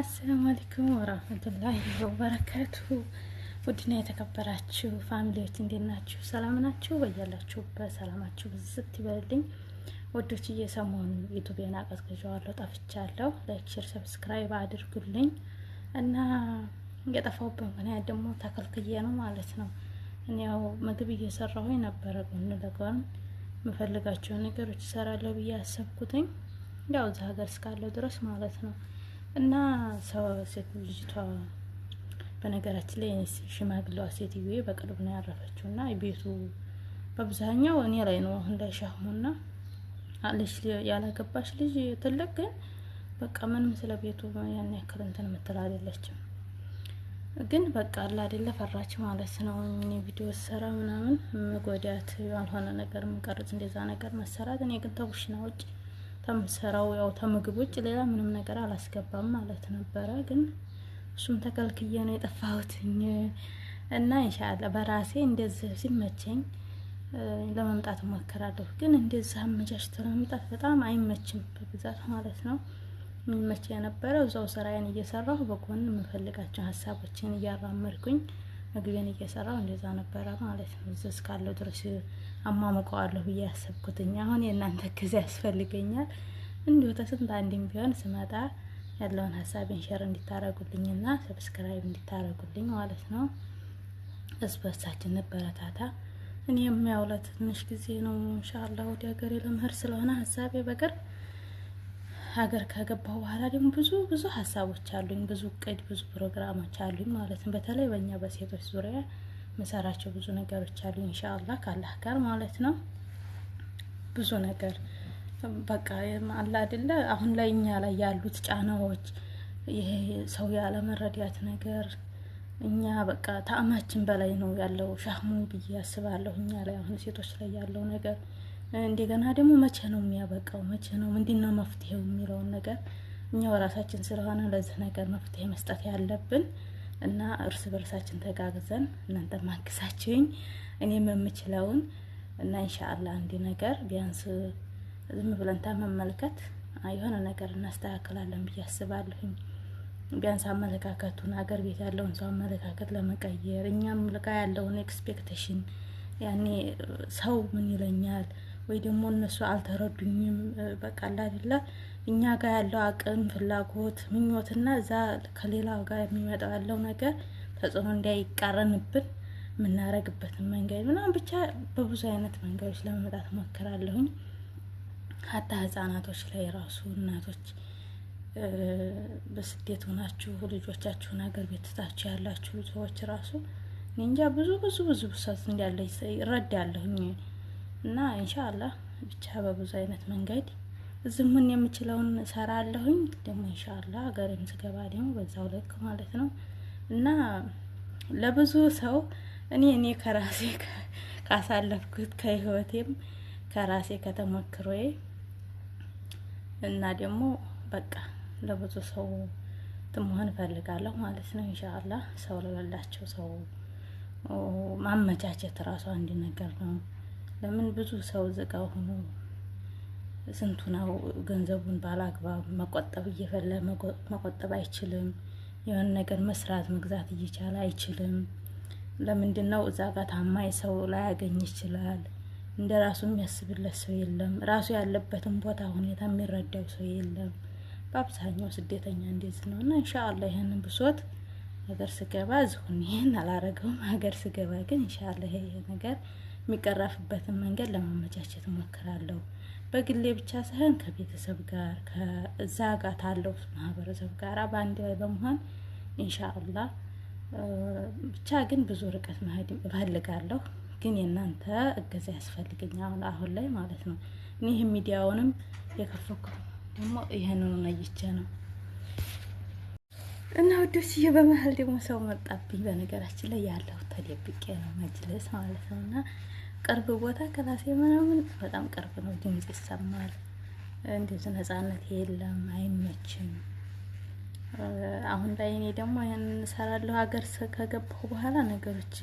አሰላሙ አለይኩም ወራህመቱላሂ ወበረካቱ። ውድና የተከበራችሁ ፋሚሊዎች እንዴት ናችሁ? ሰላም ናችሁ? በያላችሁበት ሰላማችሁ ብዝት ይበልልኝ። ወዶች እየሰሞኑ ዩቱቤን አቀዝቅዣዋለሁ፣ ጠፍቻለሁ። ላይክ፣ ሼር፣ ሰብስክራይብ አድርጉልኝ እና የጠፋሁበት ምክንያት ደግሞ ተከልክዬ ነው ማለት ነው። እኔ ያው ምግብ እየሰራሁ ነበረ። ጎን ለጎን የምፈልጋቸው ነገሮች እሰራለሁ ብዬ ያሰብኩትኝ ያው እዛ ሀገር እስካለሁ ድረስ ማለት ነው እና ሴት ልጅቷ በነገራችን ላይ ሽማግሌዋ ሴትዮ በቅርብ ነው ያረፈችው እና ቤቱ በአብዛኛው እኔ ላይ ነው እንዳይሻሙና አለሽ ያላገባሽ ልጅ ትልቅ ግን በቃ ምንም ስለ ቤቱ ያን ያክል እንትን የምትል አይደለችም። ግን በቃ አላ አይደለ ፈራች ማለት ነው። እኔ ቪዲዮ ሰራ ምናምን መጎዳት ያልሆነ ነገር ምቀርጽ እንደዛ ነገር መሰራት እኔ ግን ተቡሽ ነው ውጭ ተምሰራው ያው ከምግብ ውጭ ሌላ ምንም ነገር አላስገባም ማለት ነበረ። ግን እሱም ተከልክዬ ነው የጠፋሁትኝ እና ኢንሻአላህ በራሴ እንደዚህ ሲመቸኝ ለመምጣት እሞክራለሁ። ግን እንደዚህ አመቻችቶ ለመምጣት በጣም አይመችም በብዛት ማለት ነው። የሚመች የነበረው እዛው ስራዬን እየሰራሁ በጎን የምፈልጋቸው ሀሳቦችን እያራመድኩኝ ምግቤን እየሰራው እንደዛ ነበረ ማለት ነው። እዚህ እስካለው ድረስ አሟሙቀዋለሁ ብዬ ያሰብኩትኝ። አሁን የእናንተ ጊዜ ያስፈልገኛል። እንዲሁ ተስንት አንድም ቢሆን ስመጣ ያለውን ሀሳቤን ሸር እንዲታረጉልኝና ሰብስክራይብ እንዲታረጉልኝ ማለት ነው። እስ በሳችን ነበረታታ እኔ የሚያውለት ትንሽ ጊዜ ነው። ኢንሻአላህ ወደ ሀገሬ ለምህር ስለሆነ ሀሳቤ በቅርብ ሀገር ከገባሁ በኋላ ደግሞ ብዙ ብዙ ሀሳቦች አሉኝ፣ ብዙ እቅድ፣ ብዙ ፕሮግራሞች አሉኝ ማለት ነው። በተለይ በእኛ በሴቶች ዙሪያ መሰራቸው ብዙ ነገሮች አሉ ኢንሻአላህ ካላህ ጋር ማለት ነው። ብዙ ነገር በቃ አለ አይደለ አሁን ላይ እኛ ላይ ያሉት ጫናዎች ይሄ ሰው ያለ መረዳት ነገር እኛ በቃ ታዕማችን በላይ ነው ያለው ሻህሙ ብዬ ያስባለሁ እኛ ላይ አሁን ሴቶች ላይ ያለው ነገር እንደገና ደግሞ መቼ ነው የሚያበቃው? መቼ ነው ምንድነው መፍትሄው የሚለውን ነገር እኛው ራሳችን ስለሆነ ለዚህ ነገር መፍትሄ መስጠት ያለብን እና እርስ በርሳችን ተጋግዘን እናንተ ማግዛችሁኝ እኔም የምችለውን እና ኢንሻአላ አንድ ነገር ቢያንስ ዝም ብለን መመልከት የሆነ ነገር እናስተካክላለን ብዬ አስባለሁኝ። ቢያንስ አመለካከቱን አገር ቤት ያለውን ሰው አመለካከት ለመቀየር እኛም ልቃ ያለውን ኤክስፔክቴሽን ያኔ ሰው ምን ይለኛል ወይ ደግሞ እነሱ አልተረዱኝም። በቃላ አይደለ እኛ ጋር ያለው አቅም፣ ፍላጎት፣ ምኞትና እዛ ከሌላ ጋር የሚመጣው ያለው ነገር ተጽዕኖ እንዳይቃረንብን የምናረግበትን መንገድ ምናምን ብቻ በብዙ አይነት መንገዶች ለመምጣት እሞክራለሁኝ። ሀታ ህጻናቶች ላይ ራሱ እናቶች በስደት ሆናችሁ ልጆቻችሁን ሀገር ቤት ትታችሁ ያላችሁ ሰዎች ራሱ እንጃ ብዙ ብዙ ብዙ ብሰት እንዳለ ይረዳለሁኝ። እና ኢንሻአላህ ብቻ በብዙ አይነት መንገድ ዝሙን የምችለውን ሰራ አለሁኝ ደግሞ ኢንሻአላህ ሀገሬም ስገባ ደግሞ በዛው ልክ ማለት ነው እና ለብዙ ሰው እኔ እኔ ከራሴ ካሳለፍኩት ከህይወቴም ከራሴ ከተሞክሮዬ እና ደግሞ በቃ ለብዙ ሰው መሆን እፈልጋለሁ ማለት ነው። ኢንሻአላህ ሰው ለሌላቸው ሰው ማመቻቸት እራሱ አንድ ነገር ነው። ለምን ብዙ ሰው ዝቃ ሆኖ ስንቱ ነው ገንዘቡን ባላግባብ መቆጠብ እየፈለ መቆጠብ አይችልም። የሆነ ነገር መስራት መግዛት እየቻለ አይችልም። ለምንድን ነው እዛ ጋር ታማኝ ሰው ላያገኝ ይችላል። እንደ ራሱ የሚያስብለት ሰው የለም። ራሱ ያለበትን ቦታ ሁኔታ የሚረዳው ሰው የለም። በአብዛኛው ስደተኛ እንደዚህ ነው እና እንሻአላ ይህንን ብሶት ሀገር ስገባ ዝሁን ይህን አላረገውም። ሀገር ስገባ ግን እንሻአላ ይሄ ነገር የሚቀረፍበትን መንገድ ለማመቻቸት እሞክራለሁ። በግሌ ብቻ ሳይሆን ከቤተሰብ ጋር ከዛ ጋር ታለው ማህበረሰብ ጋር በአንድ ላይ በመሆን ኢንሻአላህ ብቻ ግን ብዙ ርቀት መሄድ እፈልጋለሁ። ግን የእናንተ እገዛ ያስፈልገኛል አሁን አሁን ላይ ማለት ነው። ይህ ሚዲያውንም የከፈኩት ደግሞ ይህንኑ ነይቼ ነው። እና ውዶች ይሄ በመሀል ደግሞ ሰው መጣብኝ። በነገራችን ላይ ያለው ተደብቄ ነው መጅለስ ማለት ነው። እና ቅርብ ቦታ ከራሴ ምናምን በጣም ቅርብ ነው፣ ድምፅ ይሰማል። እንደዚህ ነፃነት የለም፣ አይመችም። አሁን ላይ እኔ ደግሞ ይህን እንሰራለሁ ሀገር ከገባሁ በኋላ ነገሮች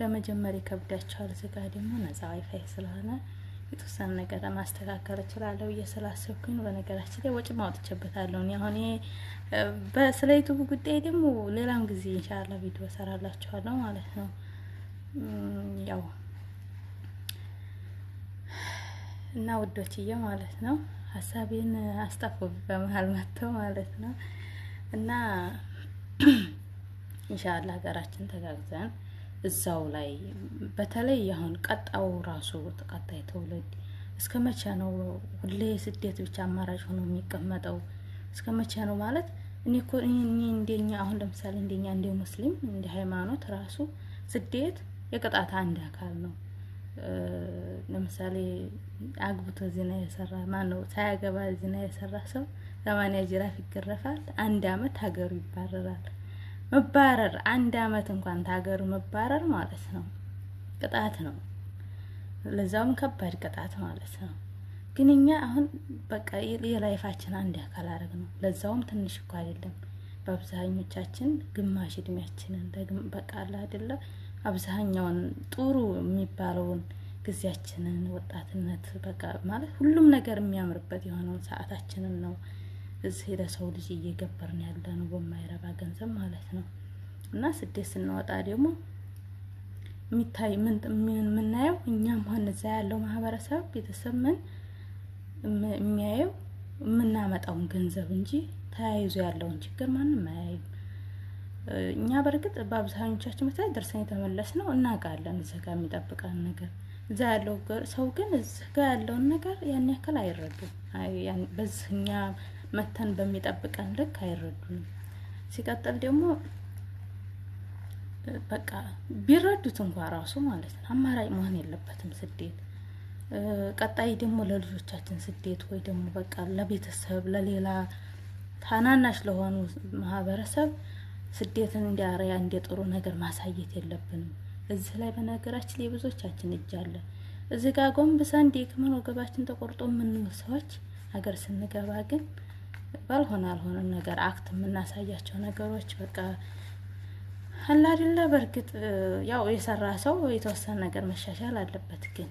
ለመጀመር ይከብዳቸዋል። ስጋ ደግሞ ነፃ ዋይፋይ ስለሆነ የተወሰነ ነገር ለማስተካከል እችላለሁ እየሰላሰብኩኝ። በነገራችን ላይ ወጪ ማውጥቼበታለሁ። አሁን በስለ ዩቱብ ጉዳይ ደግሞ ሌላም ጊዜ ኢንሻላ ቪዲዮ እሰራላችኋለሁ ማለት ነው። ያው እና ውዶችዬ ማለት ነው ሀሳቤን አስጠፉ በመሀል መጥተው ማለት ነው እና ኢንሻላ ሀገራችን ተጋግዘን እዛው ላይ በተለይ አሁን ቀጣው ራሱ ተቀጣይ ትውልድ እስከ መቼ ነው ሁሌ ስደት ብቻ አማራጭ ሆኖ የሚቀመጠው? እስከ መቼ ነው ማለት እኔ እኮ እኔ እንደኛ አሁን ለምሳሌ እንደኛ እንደ ሙስሊም እንደ ሃይማኖት ራሱ ስደት የቅጣት አንድ አካል ነው። ለምሳሌ አግብቶ ዜና የሰራ ማን ነው ሳያገባ ዜና የሰራ ሰው ሰማንያ ጅራፍ ይገረፋል፣ አንድ አመት ሀገሩ ይባረራል። መባረር አንድ አመት እንኳን ታገሩ መባረር ማለት ነው ቅጣት ነው። ለዛውም ከባድ ቅጣት ማለት ነው። ግን እኛ አሁን በቃ የላይፋችን አንድ አካል አረግ ነው። ለዛውም ትንሽ እኮ አይደለም። በአብዛኞቻችን ግማሽ እድሜያችንን በቃ አለ አይደለ አብዛኛውን ጥሩ የሚባለውን ጊዜያችንን ወጣትነት በቃ ማለት ሁሉም ነገር የሚያምርበት የሆነውን ሰዓታችንን ነው እዚህ ለሰው ልጅ እየገበርን ያለ ነው በማይረባ ገንዘብ ማለት ነው። እና ስደት ስንወጣ ደግሞ የሚታይ ምን የምናየው እኛም ሆነ እዛ ያለው ማህበረሰብ ቤተሰብ ምን የሚያየው የምናመጣውን ገንዘብ እንጂ ተያይዞ ያለውን ችግር ማንም አያይም። እኛ በእርግጥ በአብዛኞቻችን መታይ ደርሰን የተመለስ ነው እናውቃለን፣ እዚህ ጋር የሚጠብቀን ነገር እዛ ያለው ሰው ግን እዚህ ጋር ያለውን ነገር ያን ያክል አይረዱም። በዚህኛ መተን በሚጠብቀን ልክ አይረዱንም። ሲቀጥል ደግሞ በቃ ቢረዱት እንኳ ራሱ ማለት ነው አማራጭ መሆን የለበትም ስደት። ቀጣይ ደግሞ ለልጆቻችን ስደት ወይ ደግሞ በቃ ለቤተሰብ ለሌላ ታናናሽ ለሆኑ ማህበረሰብ ስደትን እንደ አርአያ እንደ ጥሩ ነገር ማሳየት የለብንም። እዚህ ላይ በነገራችን የብዙዎቻችን እጅ አለ። እዚህ ጋር ጎንብሰን እንዲህ ወገባችን ተቆርጦ የምንውል ሰዎች ሀገር ስንገባ ግን ባልሆነ አልሆነ ነገር አክት የምናሳያቸው ነገሮች በቃ አላ አይደለ። በእርግጥ ያው የሰራ ሰው የተወሰነ ነገር መሻሻል አለበት፣ ግን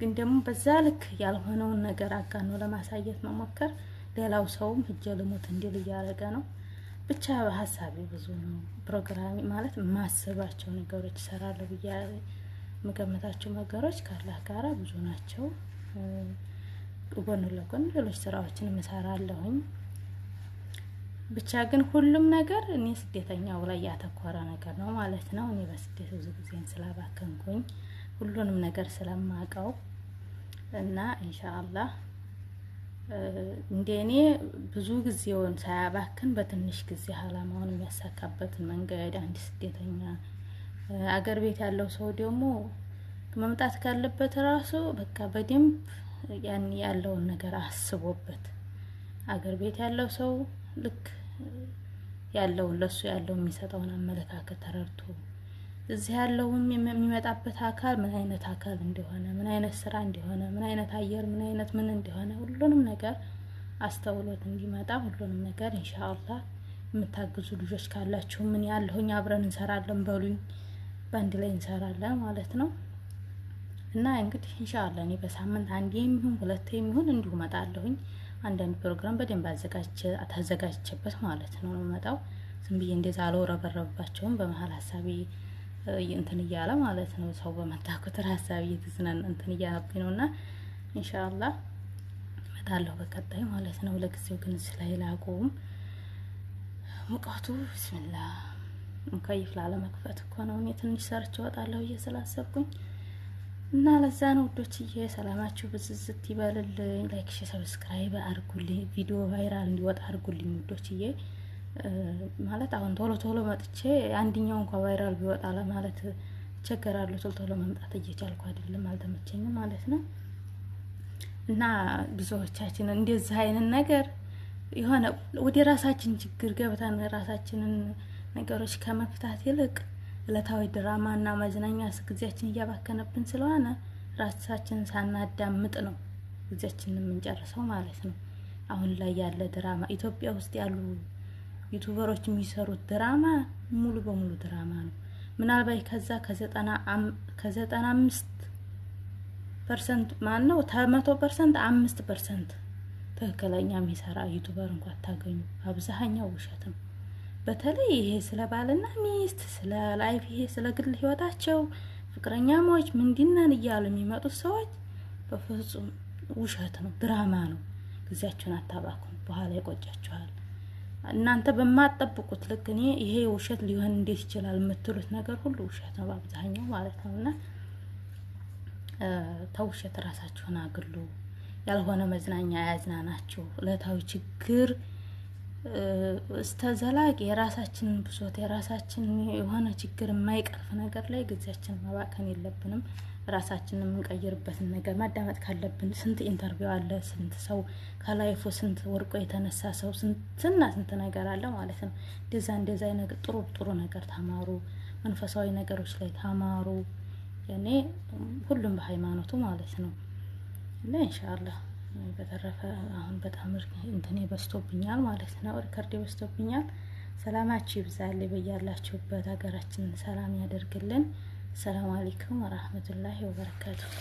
ግን ደግሞ በዛ ልክ ያልሆነውን ነገር አጋኖ ለማሳየት መሞከር ሌላው ሰውም እጀ ልሙት እንዲል እያደረገ ነው። ብቻ ሀሳቤ ብዙ ነው። ፕሮግራሚ ማለት ማስባቸው ነገሮች ይሰራሉ ብዬ የምገምታቸው ነገሮች ካላህ ጋራ ብዙ ናቸው። ጎን ለጎን ሌሎች ስራዎችን እሰራለሁኝ። ብቻ ግን ሁሉም ነገር እኔ ስደተኛው ላይ ያተኮረ ነገር ነው ማለት ነው። እኔ በስደት ብዙ ጊዜን ስላባከንኩኝ ሁሉንም ነገር ስለማቀው እና ኢንሻአላህ እንዴ እኔ ብዙ ጊዜውን ሳያባክን በትንሽ ጊዜ አላማውን የሚያሳካበትን መንገድ አንድ ስደተኛ አገር ቤት ያለው ሰው ደግሞ መምጣት ካለበት ራሱ በቃ በደንብ ያን ያለውን ነገር አስቦበት አገር ቤት ያለው ሰው ልክ ያለውን ለሱ ያለው የሚሰጠውን አመለካከት ተረድቶ እዚህ ያለውም የሚመጣበት አካል ምን አይነት አካል እንደሆነ፣ ምን አይነት ስራ እንደሆነ፣ ምን አይነት አየር፣ ምን አይነት ምን እንደሆነ ሁሉንም ነገር አስተውሎት እንዲመጣ ሁሉንም ነገር ኢንሻአላህ የምታግዙ ልጆች ካላችሁ ምን ያለሁኝ አብረን እንሰራለን በሉኝ። በአንድ ላይ እንሰራለን ማለት ነው። እና እንግዲህ እንሻላ እኔ በሳምንት አንድ የሚሆን ሁለት የሚሆን እንዲሁ እመጣለሁኝ። አንዳንድ ፕሮግራም በደንብ አዘጋጅቼበት ማለት ነው የምመጣው። ዝም ብዬ እንደዛ አልወረበረብባቸውም። በመሀል ሀሳቤ እንትን እያለ ማለት ነው ሰው በመጣ ቁጥር ሀሳቤ እየተዝናን እንትን እያለብኝ ነው እና ኢንሻአላህ እመጣለሁ በቀጣይ ማለት ነው። ለጊዜው ግን ስላይላቁም ሙቀቱ ብስምላ ሙከይፍ ላለመክፈት እኮ ነው። እኔ ትንሽ ሰርቼ እወጣለሁ እየስላሰብኩኝ እና ለዛ ነው ውዶችዬ፣ ሰላማችሁ ብዝዝት ይበልልኝ። ላይክ፣ ሼር፣ ሰብስክራይብ አርጉልኝ፣ ቪዲዮ ቫይራል እንዲወጣ አድርጉልኝ ውዶችዬ። ማለት አሁን ቶሎ ቶሎ መጥቼ አንድኛው እንኳ ቫይራል ቢወጣ ለማለት እቸገራለሁ። ቶሎ ቶሎ መምጣት እየቻልኩ አይደለም፣ አልተመቸኝም ማለት ነው። እና ብዙዎቻችን እንደዚህ አይነት ነገር የሆነ ወደ ራሳችን ችግር ገብተን ራሳችንን ነገሮች ከመፍታት ይልቅ እለታዊ ድራማ እና መዝናኛ ጊዜያችን እያባከነብን ስለሆነ ራሳችን ሳናዳምጥ ነው ጊዜያችንን የምንጨርሰው ማለት ነው። አሁን ላይ ያለ ድራማ ኢትዮጵያ ውስጥ ያሉ ዩቱበሮች የሚሰሩት ድራማ ሙሉ በሙሉ ድራማ ነው። ምናልባት ከዛ ከዘጠና አምስት ፐርሰንት ማን ነው ከመቶ ፐርሰንት አምስት ፐርሰንት ትክክለኛ የሚሰራ ዩቱበር እንኳ አታገኙ። አብዛሀኛው ውሸት ነው። በተለይ ይሄ ስለ ባልና ሚስት፣ ስለ ላይፍ፣ ይሄ ስለ ግል ህይወታቸው ፍቅረኛሞች ምንድነን እያሉ የሚመጡት ሰዎች በፍጹም ውሸት ነው፣ ድራማ ነው። ጊዜያችሁን አታባክኑ፣ በኋላ ይቆጫችኋል። እናንተ በማጠብቁት ልክ እኔ ይሄ ውሸት ሊሆን እንዴት ይችላል የምትሉት ነገር ሁሉ ውሸት ነው፣ በአብዛኛው ማለት ነው። እና ተውሸት ራሳችሁን አግሉ። ያልሆነ መዝናኛ ያዝናናችሁ። እለታዊ ችግር እስተ ዘላቂ የራሳችንን ብሶት የራሳችን የሆነ ችግር የማይቀርፍ ነገር ላይ ጊዜያችን ማባከን የለብንም። ራሳችንን የምንቀይርበትን ነገር ማዳመጥ ካለብን ስንት ኢንተርቪው አለ፣ ስንት ሰው ከላይፉ ስንት ወርቆ የተነሳ ሰው ስንትና ስንት ነገር አለ ማለት ነው። እንደዛ እንደዛ ነገ ጥሩ ጥሩ ነገር ተማሩ፣ መንፈሳዊ ነገሮች ላይ ተማሩ። እኔ ሁሉም በሃይማኖቱ ማለት ነው እና ኢንሻአላህ በተረፈ አሁን በጣም እንትኔ በስቶብኛል ማለት ነው፣ ሪከርድ በስቶብኛል ሰላማችሁ ይብዛል በያላችሁበት፣ ሀገራችንን ሰላም ያደርግልን። ሰላም አሌይኩም ወራህመቱላሂ ወበረካቱሁ።